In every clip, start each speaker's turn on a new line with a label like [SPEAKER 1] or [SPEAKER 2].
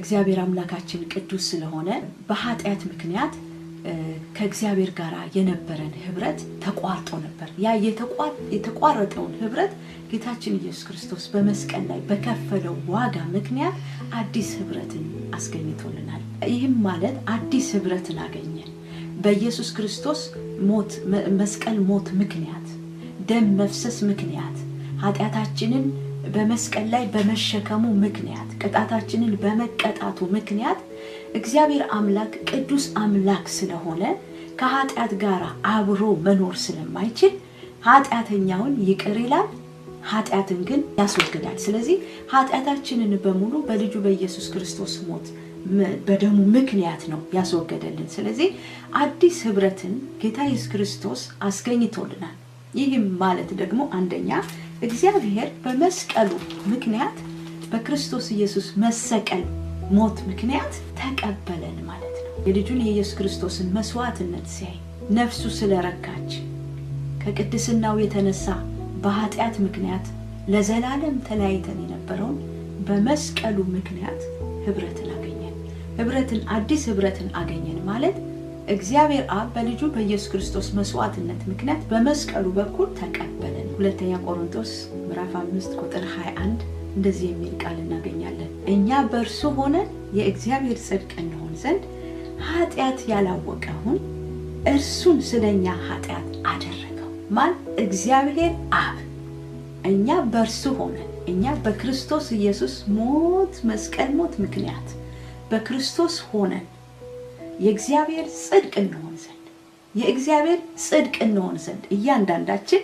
[SPEAKER 1] እግዚአብሔር አምላካችን ቅዱስ ስለሆነ በኃጢአት ምክንያት ከእግዚአብሔር ጋር የነበረን ህብረት ተቋርጦ ነበር። ያ የተቋረጠውን ህብረት ጌታችን ኢየሱስ ክርስቶስ በመስቀል ላይ በከፈለው ዋጋ ምክንያት አዲስ ህብረትን አስገኝቶልናል። ይህም ማለት አዲስ ህብረትን አገኘን። በኢየሱስ ክርስቶስ ሞት መስቀል ሞት ምክንያት፣ ደም መፍሰስ ምክንያት ኃጢአታችንን በመስቀል ላይ በመሸከሙ ምክንያት ቅጣታችንን በመቀጣቱ ምክንያት እግዚአብሔር አምላክ ቅዱስ አምላክ ስለሆነ ከኃጢአት ጋር አብሮ መኖር ስለማይችል ኃጢአተኛውን ይቅር ይላል፣ ኃጢአትን ግን ያስወግዳል። ስለዚህ ኃጢአታችንን በሙሉ በልጁ በኢየሱስ ክርስቶስ ሞት በደሙ ምክንያት ነው ያስወገደልን። ስለዚህ አዲስ ህብረትን ጌታ ኢየሱስ ክርስቶስ አስገኝቶልናል። ይህም ማለት ደግሞ አንደኛ እግዚአብሔር በመስቀሉ ምክንያት በክርስቶስ ኢየሱስ መሰቀል ሞት ምክንያት ተቀበለን ማለት ነው። የልጁን የኢየሱስ ክርስቶስን መስዋዕትነት ሲያይ ነፍሱ ስለረካች ከቅድስናው የተነሳ በኃጢአት ምክንያት ለዘላለም ተለያይተን የነበረውን በመስቀሉ ምክንያት ህብረትን አገኘን። ህብረትን አዲስ ህብረትን አገኘን ማለት እግዚአብሔር አብ በልጁ በኢየሱስ ክርስቶስ መስዋዕትነት ምክንያት በመስቀሉ በኩል ተቀበለን። ሁለተኛ ቆሮንቶስ ምዕራፍ 5 ቁጥር 21 እንደዚህ የሚል ቃል እናገኛለን። እኛ በእርሱ ሆነን የእግዚአብሔር ጽድቅ እንሆን ዘንድ ኃጢአት ያላወቀውን እርሱን ስለኛ ኃጢአት አደረገው። ማን? እግዚአብሔር አብ። እኛ በእርሱ ሆነን እኛ በክርስቶስ ኢየሱስ ሞት መስቀል ሞት ምክንያት በክርስቶስ ሆነን የእግዚአብሔር ጽድቅ እንሆን ዘንድ የእግዚአብሔር ጽድቅ እንሆን ዘንድ እያንዳንዳችን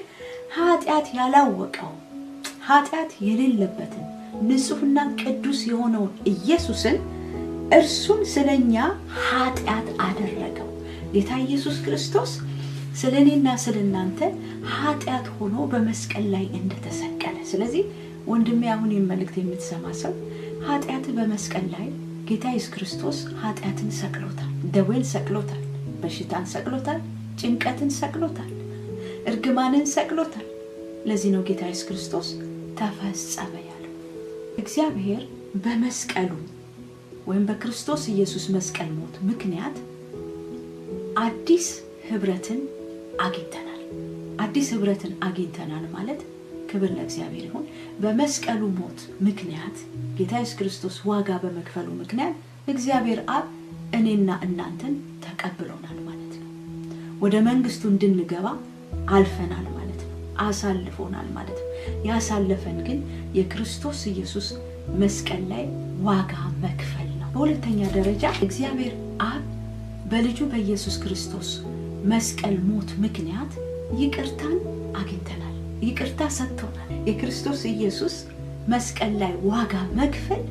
[SPEAKER 1] ኃጢአት ያላወቀው ኃጢአት የሌለበትን ንጹሕና ቅዱስ የሆነውን ኢየሱስን እርሱን ስለኛ ኃጢአት አደረገው። ጌታ ኢየሱስ ክርስቶስ ስለ እኔና ስለ እናንተ ኃጢአት ሆኖ በመስቀል ላይ እንደተሰቀለ። ስለዚህ ወንድሜ፣ አሁን ይህን መልእክት የምትሰማ ሰው ኃጢአት በመስቀል ላይ ጌታ ኢየሱስ ክርስቶስ ኃጢአትን ሰቅሎታል፣ ደዌን ሰቅሎታል፣ በሽታን ሰቅሎታል፣ ጭንቀትን ሰቅሎታል፣ እርግማንን ሰቅሎታል። ለዚህ ነው ጌታ ኢየሱስ ክርስቶስ ተፈጸመ ያለው። እግዚአብሔር በመስቀሉ ወይም በክርስቶስ ኢየሱስ መስቀል ሞት ምክንያት አዲስ ህብረትን አግኝተናል። አዲስ ህብረትን አግኝተናል ማለት ክብር ለእግዚአብሔር ይሁን። በመስቀሉ ሞት ምክንያት ጌታ ኢየሱስ ክርስቶስ ዋጋ በመክፈሉ ምክንያት እግዚአብሔር አብ እኔና እናንተን ተቀብሎናል ማለት ነው። ወደ መንግስቱ እንድንገባ አልፈናል ማለት ነው። አሳልፎናል ማለት ነው። ያሳለፈን ግን የክርስቶስ ኢየሱስ መስቀል ላይ ዋጋ መክፈል ነው። በሁለተኛ ደረጃ እግዚአብሔር አብ በልጁ በኢየሱስ ክርስቶስ መስቀል ሞት ምክንያት ይቅርታን አግኝተናል። ይቅርታ ሰጥቶናል። የክርስቶስ ኢየሱስ መስቀል ላይ ዋጋ መክፈል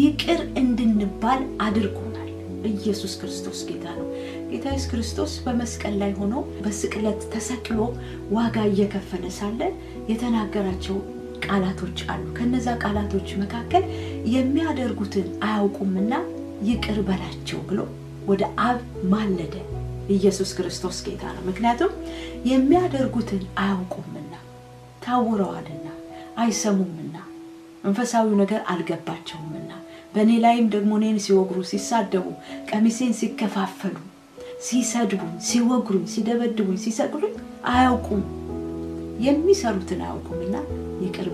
[SPEAKER 1] ይቅር እንድንባል አድርጎናል። ኢየሱስ ክርስቶስ ጌታ ነው። ጌታ ኢየሱስ ክርስቶስ በመስቀል ላይ ሆኖ በስቅለት ተሰቅሎ ዋጋ እየከፈለ ሳለ የተናገራቸው ቃላቶች አሉ። ከነዛ ቃላቶች መካከል የሚያደርጉትን አያውቁምና ይቅር በላቸው ብሎ ወደ አብ ማለደ። ኢየሱስ ክርስቶስ ጌታ ነው። ምክንያቱም የሚያደርጉትን አያውቁም ታውረዋልና አይሰሙምና መንፈሳዊ ነገር አልገባቸውምና በእኔ ላይም ደግሞ እኔን ሲወግሩ ሲሳደቡ፣ ቀሚሴን ሲከፋፈሉ፣ ሲሰድቡኝ፣ ሲወግሩኝ፣ ሲደበድቡኝ፣ ሲሰቅሉኝ አያውቁም የሚሰሩትን አያውቁምና ይቅር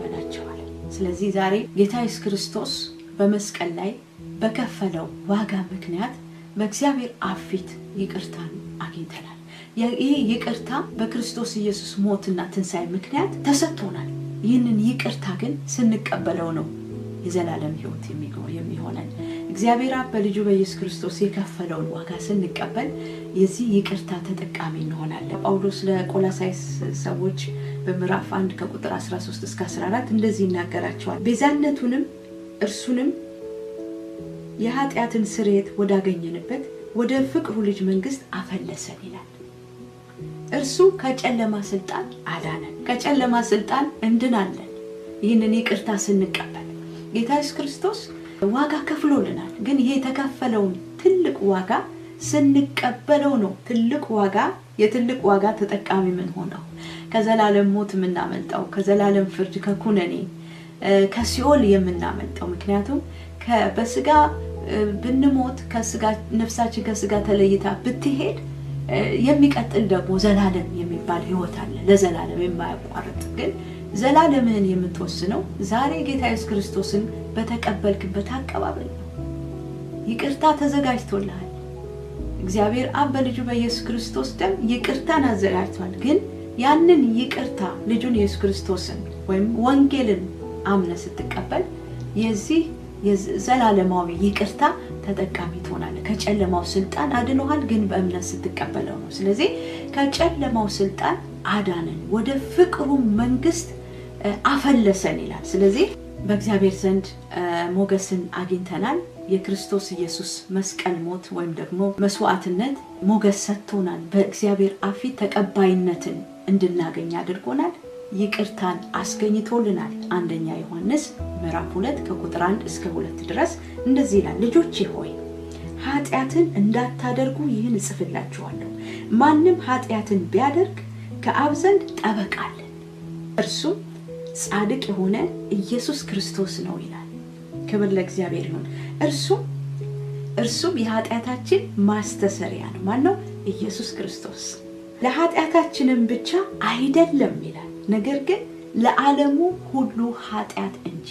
[SPEAKER 1] ስለዚህ ዛሬ ጌታ ኢየሱስ ክርስቶስ በመስቀል ላይ በከፈለው ዋጋ ምክንያት በእግዚአብሔር አፊት ይቅርታን አግኝተናል። ይህ ይቅርታ በክርስቶስ ኢየሱስ ሞትና ትንሣኤ ምክንያት ተሰጥቶናል። ይህንን ይቅርታ ግን ስንቀበለው ነው የዘላለም ህይወት የሚሆነን። እግዚአብሔር አብ በልጁ በኢየሱስ ክርስቶስ የከፈለውን ዋጋ ስንቀበል የዚህ ይቅርታ ተጠቃሚ እንሆናለን። ጳውሎስ ለቆላሳይስ ሰዎች በምዕራፍ 1 ከቁጥር 13 እስከ 14 እንደዚህ ይናገራቸዋል። ቤዛነቱንም እርሱንም የኃጢአትን ስርየት ወዳገኘንበት ወደ ፍቅሩ ልጅ መንግስት አፈለሰን ይላል። እርሱ ከጨለማ ስልጣን አዳነን። ከጨለማ ስልጣን እንድናለን። ይህንን ይቅርታ ስንቀበል ጌታ ኢየሱስ ክርስቶስ ዋጋ ከፍሎልናል። ግን ይሄ የተከፈለውን ትልቅ ዋጋ ስንቀበለው ነው ትልቅ ዋጋ የትልቅ ዋጋ ተጠቃሚ ምን ሆነው ከዘላለም ሞት የምናመልጠው ከዘላለም ፍርድ ከኩነኔ ከሲኦል የምናመልጠው ምክንያቱም በስጋ ብንሞት ነፍሳችን ከስጋ ተለይታ ብትሄድ የሚቀጥል ደግሞ ዘላለም የሚባል ህይወት አለ። ለዘላለም የማያቋርጥ ግን ዘላለምህን የምትወስነው ዛሬ ጌታ ኢየሱስ ክርስቶስን በተቀበልክበት አቀባበል ነው። ይቅርታ ተዘጋጅቶልሃል። እግዚአብሔር አብ በልጁ በኢየሱስ ክርስቶስ ደም ይቅርታን አዘጋጅቷል። ግን ያንን ይቅርታ ልጁን ኢየሱስ ክርስቶስን ወይም ወንጌልን አምነ ስትቀበል የዚህ ዘላለማዊ ይቅርታ ተጠቃሚ ትሆናለህ። ከጨለማው ስልጣን አድኖሃል፣ ግን በእምነት ስትቀበለው ነው። ስለዚህ ከጨለማው ስልጣን አዳንን፣ ወደ ፍቅሩ መንግስት አፈለሰን ይላል። ስለዚህ በእግዚአብሔር ዘንድ ሞገስን አግኝተናል። የክርስቶስ ኢየሱስ መስቀል ሞት ወይም ደግሞ መስዋዕትነት ሞገስ ሰጥቶናል። በእግዚአብሔር አፊት ተቀባይነትን እንድናገኝ አድርጎናል። ይቅርታን አስገኝቶልናል። አንደኛ ዮሐንስ ምዕራፍ 2 ከቁጥር 1 እስከ 2 ድረስ እንደዚህ ይላል፣ ልጆቼ ሆይ ኃጢአትን እንዳታደርጉ ይህን እጽፍላችኋለሁ። ማንም ኃጢአትን ቢያደርግ ከአብ ዘንድ ጠበቃ አለን፣ እርሱም ጻድቅ የሆነ ኢየሱስ ክርስቶስ ነው ይላል። ክብር ለእግዚአብሔር ይሁን። እርሱም እርሱም የኃጢአታችን ማስተሰሪያ ነው። ማን ነው? ኢየሱስ ክርስቶስ። ለኃጢአታችንም ብቻ አይደለም ይላል ነገር ግን ለዓለሙ ሁሉ ኃጢአት እንጂ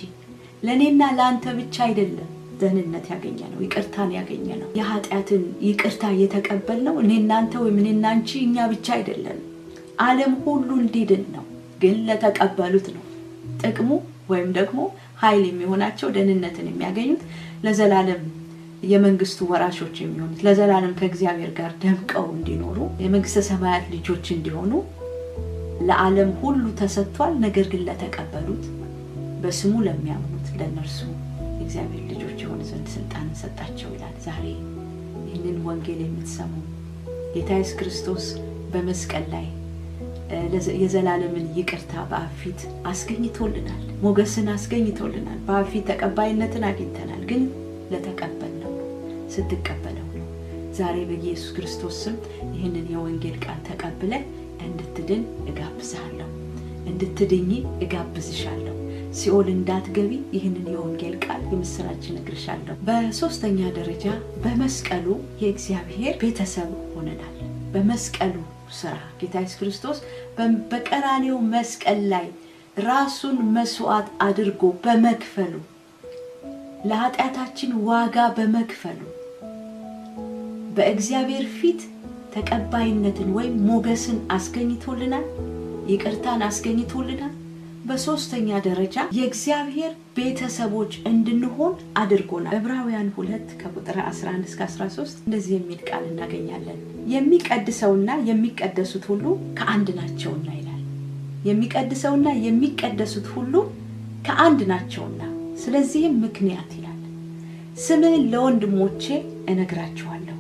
[SPEAKER 1] ለእኔና ለአንተ ብቻ አይደለም ደህንነት ያገኘ ነው፣ ይቅርታን ያገኘ ነው። የኃጢአትን ይቅርታ እየተቀበል ነው እኔ እናንተ ወይም እኔ እኛ ብቻ አይደለም፣ ዓለም ሁሉ እንዲድን ነው። ግን ለተቀበሉት ነው ጥቅሙ ወይም ደግሞ ኃይል የሚሆናቸው ደህንነትን የሚያገኙት ለዘላለም የመንግስቱ ወራሾች የሚሆኑት ለዘላለም ከእግዚአብሔር ጋር ደምቀው እንዲኖሩ የመንግስተ ሰማያት ልጆች እንዲሆኑ ለዓለም ሁሉ ተሰጥቷል። ነገር ግን ለተቀበሉት በስሙ ለሚያምኑት ለእነርሱ እግዚአብሔር ልጆች የሆነ ዘንድ ስልጣንን ሰጣቸው ይላል። ዛሬ ይህንን ወንጌል የምትሰሙ ጌታ ክርስቶስ በመስቀል ላይ የዘላለምን ይቅርታ በአፊት አስገኝቶልናል። ሞገስን አስገኝቶልናል። በአፊት ተቀባይነትን አግኝተናል። ግን ነው ስትቀበለው ነው። ዛሬ በኢየሱስ ክርስቶስ ስም ይህንን የወንጌል ቃል ተቀብለን እንድትድን እጋብዝሃለሁ፣ እንድትድኝ እጋብዝሻለሁ። ሲኦል እንዳትገቢ ይህንን የወንጌል ቃል የምስራች እነግርሻለሁ። በሶስተኛ ደረጃ በመስቀሉ የእግዚአብሔር ቤተሰብ ሆነናል። በመስቀሉ ስራ ጌታ ኢየሱስ ክርስቶስ በቀራኔው መስቀል ላይ ራሱን መስዋዕት አድርጎ በመክፈሉ ለኃጢአታችን ዋጋ በመክፈሉ በእግዚአብሔር ፊት ተቀባይነትን ወይም ሞገስን አስገኝቶልናል፣ ይቅርታን አስገኝቶልናል። በሶስተኛ ደረጃ የእግዚአብሔር ቤተሰቦች እንድንሆን አድርጎናል። ዕብራውያን ሁለት ከቁጥር 11 እስከ 13 እንደዚህ የሚል ቃል እናገኛለን። የሚቀድሰውና የሚቀደሱት ሁሉ ከአንድ ናቸውና ይላል። የሚቀድሰውና የሚቀደሱት ሁሉ ከአንድ ናቸውና፣ ስለዚህም ምክንያት ይላል ስምህን ለወንድሞቼ እነግራችኋለሁ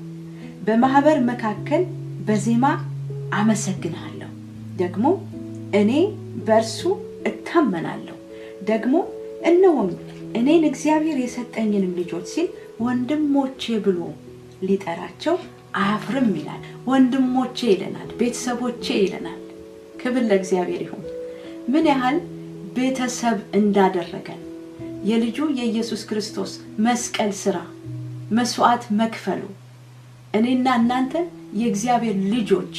[SPEAKER 1] በማህበር መካከል በዜማ አመሰግንሃለሁ። ደግሞ እኔ በእርሱ እታመናለሁ። ደግሞ እነሆኝ እኔን እግዚአብሔር የሰጠኝንም ልጆች ሲል ወንድሞቼ ብሎ ሊጠራቸው አያፍርም ይላል። ወንድሞቼ ይለናል፣ ቤተሰቦቼ ይለናል። ክብል ለእግዚአብሔር ይሁን። ምን ያህል ቤተሰብ እንዳደረገን የልጁ የኢየሱስ ክርስቶስ መስቀል ስራ መስዋዕት መክፈሉ እኔና እናንተ የእግዚአብሔር ልጆች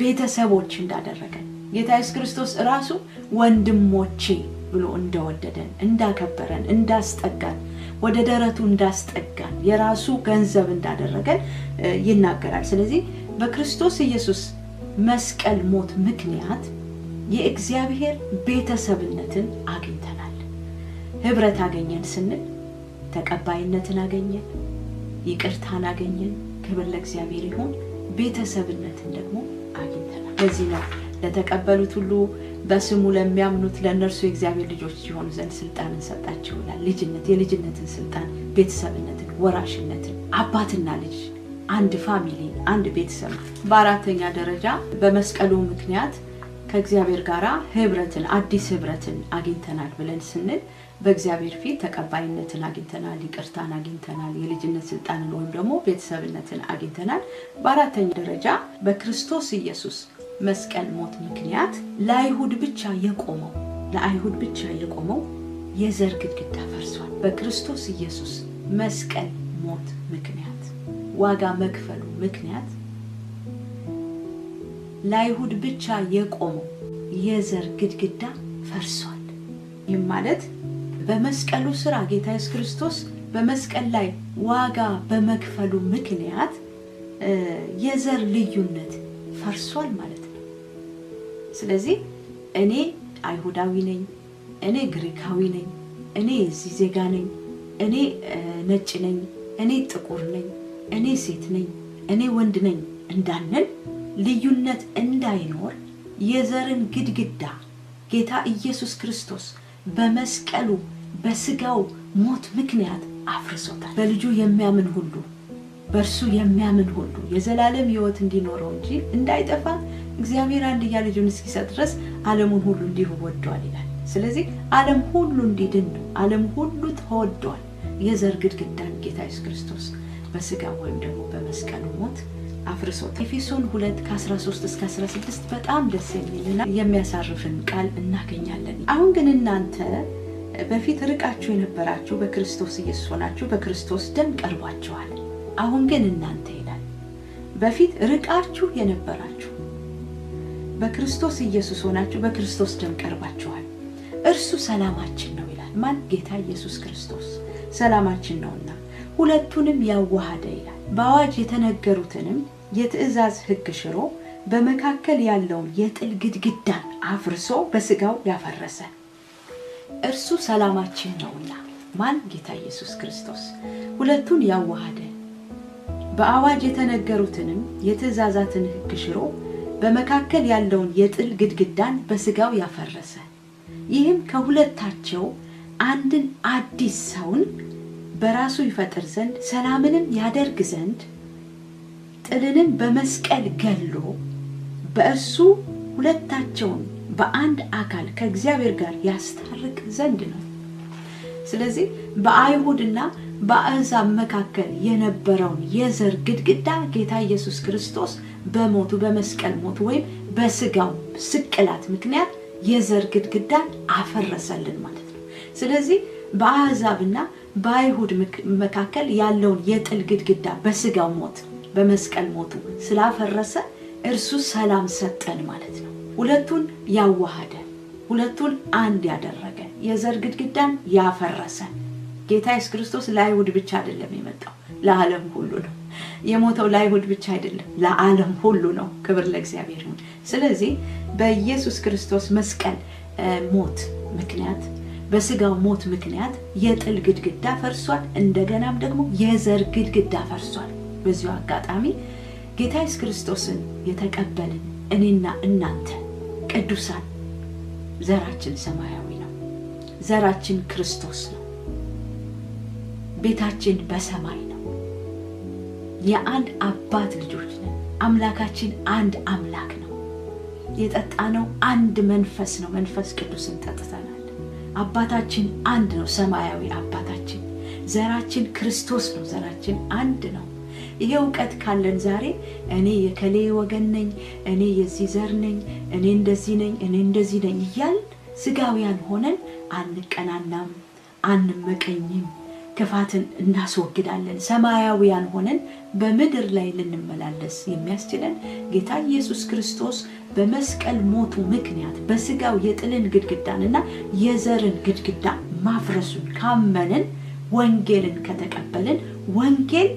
[SPEAKER 1] ቤተሰቦች እንዳደረገን ጌታ የሱስ ክርስቶስ ራሱ ወንድሞቼ ብሎ እንደወደደን፣ እንዳከበረን፣ እንዳስጠጋን ወደ ደረቱ እንዳስጠጋን የራሱ ገንዘብ እንዳደረገን ይናገራል። ስለዚህ በክርስቶስ ኢየሱስ መስቀል ሞት ምክንያት የእግዚአብሔር ቤተሰብነትን አግኝተናል። ህብረት አገኘን ስንል ተቀባይነትን አገኘን፣ ይቅርታን አገኘን ክብር ለእግዚአብሔር ይሁን። ቤተሰብነትን ደግሞ አግኝተናል። በዚህ ነው ለተቀበሉት ሁሉ በስሙ ለሚያምኑት ለእነርሱ የእግዚአብሔር ልጆች ሲሆኑ ዘንድ ስልጣንን ሰጣቸው ይላል። ልጅነት፣ የልጅነትን ስልጣን፣ ቤተሰብነትን፣ ወራሽነትን፣ አባትና ልጅ፣ አንድ ፋሚሊ፣ አንድ ቤተሰብ። በአራተኛ ደረጃ በመስቀሉ ምክንያት ከእግዚአብሔር ጋር ህብረትን አዲስ ህብረትን አግኝተናል ብለን ስንል በእግዚአብሔር ፊት ተቀባይነትን አግኝተናል፣ ይቅርታን አግኝተናል፣ የልጅነት ስልጣንን ወይም ደግሞ ቤተሰብነትን አግኝተናል። በአራተኛ ደረጃ በክርስቶስ ኢየሱስ መስቀል ሞት ምክንያት ለአይሁድ ብቻ የቆመው ለአይሁድ ብቻ የቆመው የዘር ግድግዳ ፈርሷል። በክርስቶስ ኢየሱስ መስቀል ሞት ምክንያት ዋጋ መክፈሉ ምክንያት ለአይሁድ ብቻ የቆመው የዘር ግድግዳ ፈርሷል። ይህም ማለት በመስቀሉ ስራ ጌታ ኢየሱስ ክርስቶስ በመስቀል ላይ ዋጋ በመክፈሉ ምክንያት የዘር ልዩነት ፈርሷል ማለት ነው። ስለዚህ እኔ አይሁዳዊ ነኝ፣ እኔ ግሪካዊ ነኝ፣ እኔ የዚህ ዜጋ ነኝ፣ እኔ ነጭ ነኝ፣ እኔ ጥቁር ነኝ፣ እኔ ሴት ነኝ፣ እኔ ወንድ ነኝ እንዳንን ልዩነት እንዳይኖር የዘርን ግድግዳ ጌታ ኢየሱስ ክርስቶስ በመስቀሉ በስጋው ሞት ምክንያት አፍርሶታል። በልጁ የሚያምን ሁሉ በእርሱ የሚያምን ሁሉ የዘላለም ሕይወት እንዲኖረው እንጂ እንዳይጠፋ እግዚአብሔር አንድያ ልጁን እስኪሰጥ ድረስ ዓለሙን ሁሉ እንዲሁ ወዷል ይላል። ስለዚህ ዓለም ሁሉ እንዲድን ነው። ዓለም ሁሉ ተወዷል። የዘር ግድግዳን ጌታ ኢየሱስ ክርስቶስ በስጋ ወይም ደግሞ በመስቀሉ ሞት አፍርሶት ኤፌሶን 2 ከ13 እስከ 16 በጣም ደስ የሚልና የሚያሳርፍን ቃል እናገኛለን። አሁን ግን እናንተ በፊት ርቃችሁ የነበራችሁ በክርስቶስ ኢየሱስ ሆናችሁ በክርስቶስ ደም ቀርቧችኋል። አሁን ግን እናንተ ይላል በፊት ርቃችሁ የነበራችሁ በክርስቶስ ኢየሱስ ሆናችሁ በክርስቶስ ደም ቀርባችኋል። እርሱ ሰላማችን ነው ይላል። ማን? ጌታ ኢየሱስ ክርስቶስ ሰላማችን ነውና ሁለቱንም ያዋሃደ ይላል። በአዋጅ የተነገሩትንም የትእዛዝ ህግ ሽሮ በመካከል ያለውን የጥል ግድግዳን አፍርሶ በስጋው ያፈረሰ እርሱ ሰላማችን ነውና። ማን? ጌታ ኢየሱስ ክርስቶስ ሁለቱን ያዋሃደ በአዋጅ የተነገሩትንም የትእዛዛትን ህግ ሽሮ በመካከል ያለውን የጥል ግድግዳን በስጋው ያፈረሰ ይህም ከሁለታቸው አንድን አዲስ ሰውን በራሱ ይፈጥር ዘንድ ሰላምንም ያደርግ ዘንድ ጥልልን በመስቀል ገሎ በእርሱ ሁለታቸውን በአንድ አካል ከእግዚአብሔር ጋር ያስታርቅ ዘንድ ነው። ስለዚህ በአይሁድና በአሕዛብ መካከል የነበረውን የዘር ግድግዳ ጌታ ኢየሱስ ክርስቶስ በሞቱ በመስቀል ሞቱ ወይም በስጋው ስቅላት ምክንያት የዘር ግድግዳን አፈረሰልን ማለት ነው። ስለዚህ በአሕዛብና በአይሁድ መካከል ያለውን የጥል ግድግዳ በስጋው ሞት በመስቀል ሞቱ ስላፈረሰ እርሱ ሰላም ሰጠን ማለት ነው። ሁለቱን ያዋሃደ፣ ሁለቱን አንድ ያደረገ፣ የዘር ግድግዳን ያፈረሰ ጌታ ኢየሱስ ክርስቶስ ለአይሁድ ብቻ አይደለም የመጣው፣ ለዓለም ሁሉ ነው የሞተው። ለአይሁድ ብቻ አይደለም፣ ለዓለም ሁሉ ነው። ክብር ለእግዚአብሔር ይሁን። ስለዚህ በኢየሱስ ክርስቶስ መስቀል ሞት ምክንያት በስጋው ሞት ምክንያት የጥል ግድግዳ ፈርሷል። እንደገናም ደግሞ የዘር ግድግዳ ፈርሷል። በዚሁ አጋጣሚ ጌታ ኢየሱስ ክርስቶስን የተቀበልን እኔና እናንተ ቅዱሳን ዘራችን ሰማያዊ ነው። ዘራችን ክርስቶስ ነው። ቤታችን በሰማይ ነው። የአንድ አባት ልጆች ነን። አምላካችን አንድ አምላክ ነው። የጠጣነው አንድ መንፈስ ነው። መንፈስ ቅዱስን ጠጥተናል። አባታችን አንድ ነው። ሰማያዊ አባታችን ዘራችን ክርስቶስ ነው። ዘራችን አንድ ነው። ይሄ እውቀት ካለን ዛሬ እኔ የከሌ ወገን ነኝ፣ እኔ የዚህ ዘር ነኝ፣ እኔ እንደዚህ ነኝ፣ እኔ እንደዚህ ነኝ እያል ስጋውያን ሆነን አንቀናናም፣ አንመቀኝም፣ ክፋትን እናስወግዳለን። ሰማያዊያን ሆነን በምድር ላይ ልንመላለስ የሚያስችለን ጌታ ኢየሱስ ክርስቶስ በመስቀል ሞቱ ምክንያት በስጋው የጥልን ግድግዳንና የዘርን ግድግዳ ማፍረሱን ካመንን ወንጌልን ከተቀበልን ወንጌል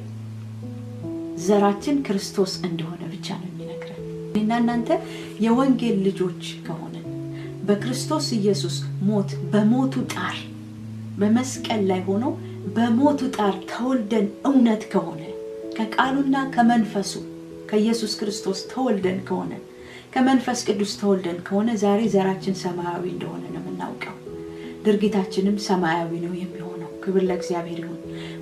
[SPEAKER 1] ዘራችን ክርስቶስ እንደሆነ ብቻ ነው የሚነግረን። እኔና እናንተ የወንጌል ልጆች ከሆንን በክርስቶስ ኢየሱስ ሞት በሞቱ ጣር በመስቀል ላይ ሆኖ በሞቱ ጣር ተወልደን እውነት ከሆነ ከቃሉና ከመንፈሱ ከኢየሱስ ክርስቶስ ተወልደን ከሆነ ከመንፈስ ቅዱስ ተወልደን ከሆነ ዛሬ ዘራችን ሰማያዊ እንደሆነ ነው የምናውቀው። ድርጊታችንም ሰማያዊ ነው የሚሆነው። ክብር ለእግዚአብሔር ይሁን።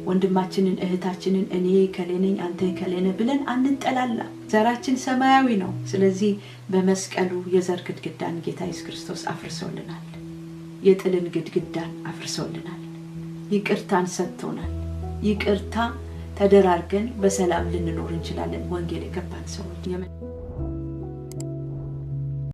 [SPEAKER 1] ወንድማችንን እህታችንን እኔ ከሌነኝ አንተ ከሌነ ብለን አንጠላላ። ዘራችን ሰማያዊ ነው። ስለዚህ በመስቀሉ የዘር ግድግዳን ጌታ ኢየሱስ ክርስቶስ አፍርሶልናል። የጥልን ግድግዳን አፍርሶልናል። ይቅርታን ሰጥቶናል። ይቅርታ ተደራርገን በሰላም ልንኖር እንችላለን። ወንጌል የገባን ሰዎች